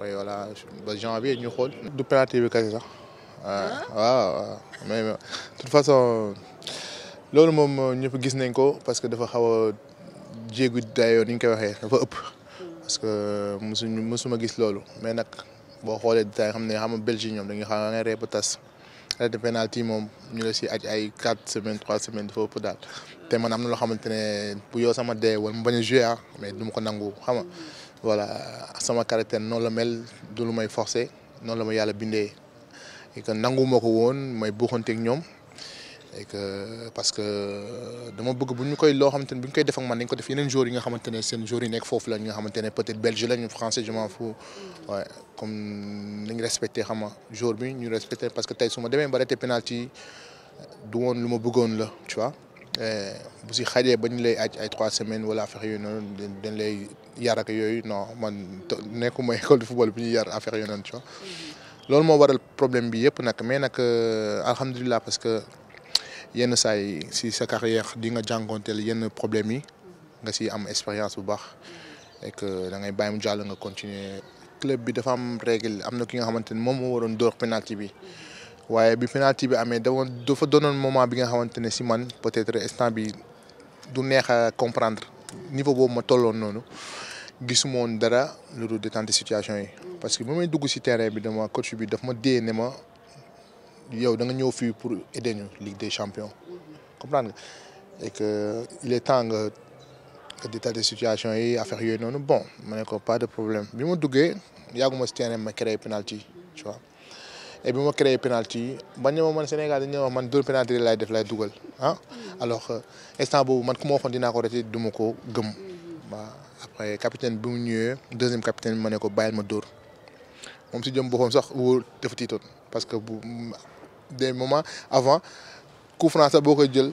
oui voilà ba janvier ñu xool. du penalty bi kay sax. Ah. waaw waaw mais de toute façon loolu moom ñëpp gis nañ ko parce que dafa xaw a jéegu dayoo ni ñu koy waxee dafa ëpp. parce que mosuñu mosuma gis loolu mais nag boo xoolee détail xam ne xam nga Belgique ñoom dañuy xam ne ree ba tas arrêté penalty moom ñu la si aj ay quatre semaines trois semaine dafa ëpp daal te man am na loo xamante ne bu yow sama dee wala mu bañ a joué ah, mais du ma ko nangu xam nga voilà sama caractère non la mel du lu may forcé noonu la ma yàlla bindee et que nangu ma won woon may buuxanteeg ñoom et que parce que de bëgg bu ñu koy loo xamante ne bu ñu koy def ak man dañ ko def yeneen joueurs yi nga xamante ne seen joueurs yi nekk foofu la nga xamante peut-être belge la français je m'en fous ouais comme nous respecté hamant jour joueur bi ñu respecté parce que tey su ma demee ba penalty du woon lu ma bëggoon la tu vois. Euh, bu si xajee ba ñu lay ay trois semaines wala affaire yooyu noonu dañ lay yar ak yooyu non man nekkuma école de football bi ñuy yar affaire yooyu noonu tu vois mm-hmm. loolu moo waral problème bi yëpp nag mais nag euh, alhamdulilah parce que yenn saa yi si sa carrière di nga jànkonteel yenn problème yi mm-hmm. nga si am expérience bu baax et que da ngay bàyyi mu jàll nga continuer club bi dafa am règle am na ki nga xamante ni moom moo waroon penalty bi. Mm-hmm waaye bi penalty bi amee dafa dafa un moment bi nga xamante ne si man peut-être instant bi du neex comprendre niveau boobu ma tolloon noonu gisuma woon dara lu dul détente situation yi. parce que moi, may dugg si terrain bi dama coach bi daf ma dee ne ma yow da nga ñëw fii pour aider ñu Ligue des champions comprendre nga et que il est temps de détente situation yi affaire yooyu bon ma ko pas de problème bi ma duggee yàgguma si terrain ma créé penalty tu vois et bi ma créé penalty yi man man Sénégal dañu wax man dóor penalty lay def lay dougal ah. Hein? Mm-hmm. alors euh, instant boobu man ku ma waxoon dinaa ko rete duma ko gëm. Mm-hmm. waaw après capitaine bimu mu deuxième capitaine bi ko bàyyil ma dóor mom si jëm boppam sax wóor dafa tiitoon parce que bu des moments avant coup franc boko jël.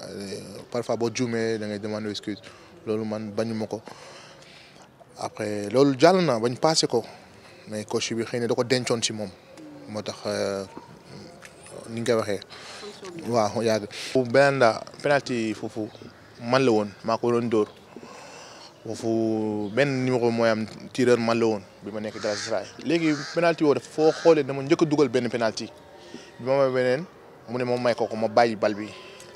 Euh, parfois boo juumee da ngay demander excuse loolu man bañu ma ko après loolu jàll na bañ passé ko mais coach bi xëy na da ko dencoon si moom moo tax euh, ni nga waxee. waaw yàgg. foofu beneen la penalty foofu man la woon maa ko doon dóor foofu benn numéro mooy am tireur man la woon bi ma nekk daal Galatasaray léegi penalty woo dafa foo xoolee dama njëkk a dugal benn penalty bi ma may beneen mu ne moom may ko ko ma bàyyi bal bi.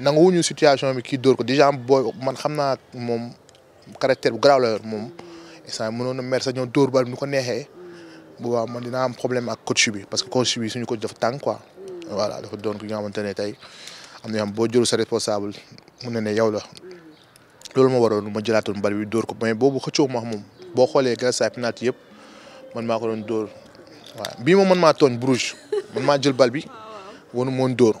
nanguwuñu situation bi kii dóor ko déjà booy man xam naa moom caractère bu garaaw la yor moom instant mënoon na mer sa ñëw dóor bal bi nu ko neexee bu baax man dinaa am problème ak coach bi parce que coach bi suñu coach dafa tàng quoi. voilà dafa doon ki nga xamante ne tey am na yoo boo jëlu sa responsable mu ne ne yow la loolu ma waroon ma jëlaatoon bal bi dóor ko mais boobu xëccoo max moom boo xoolee grâce à penalty yëpp man maa ko doon door waaw bii moom man maa tooñ Bruges man maa jël bal bi wanu moon dóor.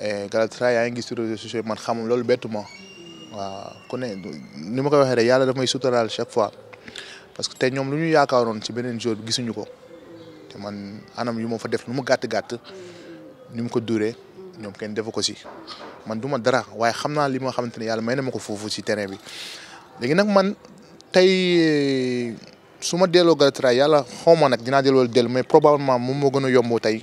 Eh, Galatasaray yaa ngi gis ci réseaux sociaux man xamul loolu bettu waa waaw ne ni ma ko waxee rek yàlla daf may suturaal chaque fois parce que te ñoom lu ñu yaakaaroon ci beneen jour bi gisuñu ko te man anam yu ma fa def lu mu gàtt gàtt ni mu ko duree ñoom kenn defu ko si man du ma dara waaye xam naa lii ma xamante ne yàlla may na ma ko foofu si terrain bi léegi nag man tey su ma delloo Galatasaray yàlla xaw ma nag dinaa delloo dellu mais probablement moom moo gën a yomb tey.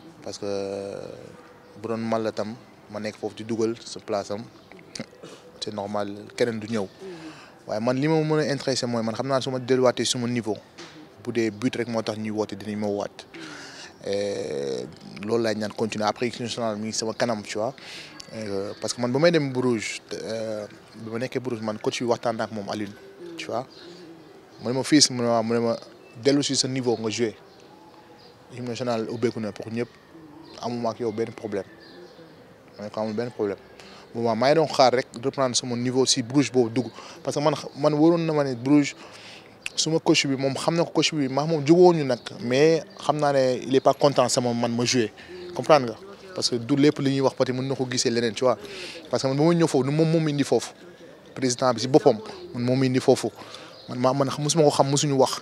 parce que bu doon mal la tam ma nekk foofu di dugal sa place am c'est normal keneen du ñëw waaye man li ma mën a intéressé mooy man xam naa su ma delluwaatee suma niveau bu dee but rek moo tax ñuy woote dinañ ma waat loolu laay ñaan continuer après international mi sama kanam tu vois euh, parce que man ba may dem Bourouge euh, bi ma nekkee Bourouge man coach bi waxtaan ak moom Alioune tu vois mu ne ma fils mu ne ma dellu si sa niveau nga joué international ou ubbeeku na pour ñëpp amuma ak yow benn problème ma ne ko amul problème moment maa ngi doon xaar rek reprendre sama niveau si Bruges boobu dugg parce que man man waroon na ma ne Bruges suma coach bi moom xam coach bi maa moom jubóo ñu nag mais xam naa il est pas content sama man me jouer comprendre nga parce que du lépp li ñuy wax peut-être mën na ko gisee tu vois parce que man ba ma ñëw foofu moom moom indi foofu président bi si boppam man moom indi foofu man maa man mosuma ko xam mosuñu wax.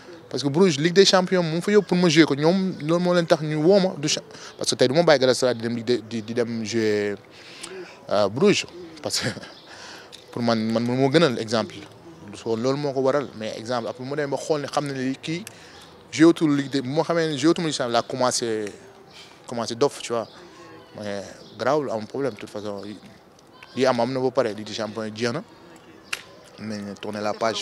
parce que Bruges Ligue des Champions mon fa yóbbu pour ma jouer ko ñoom loolu moo leen tax ñu woo du parce que tey du ma bàyyi Galatasaray di dem Ligue di di dem jouer euh, Bruges parce que pour man man moo gënal exemple soo loolu moo ko waral mais exemple après mu demee ba xool ne xam ne ni kii joué wutul Ligue des bu ma xamee ne joué wutul Ligue Champions laa commencé commencé tu vois mais a un problème de toute façon lii am am na ba pare Ligue des Champions jeex mais tourner la page.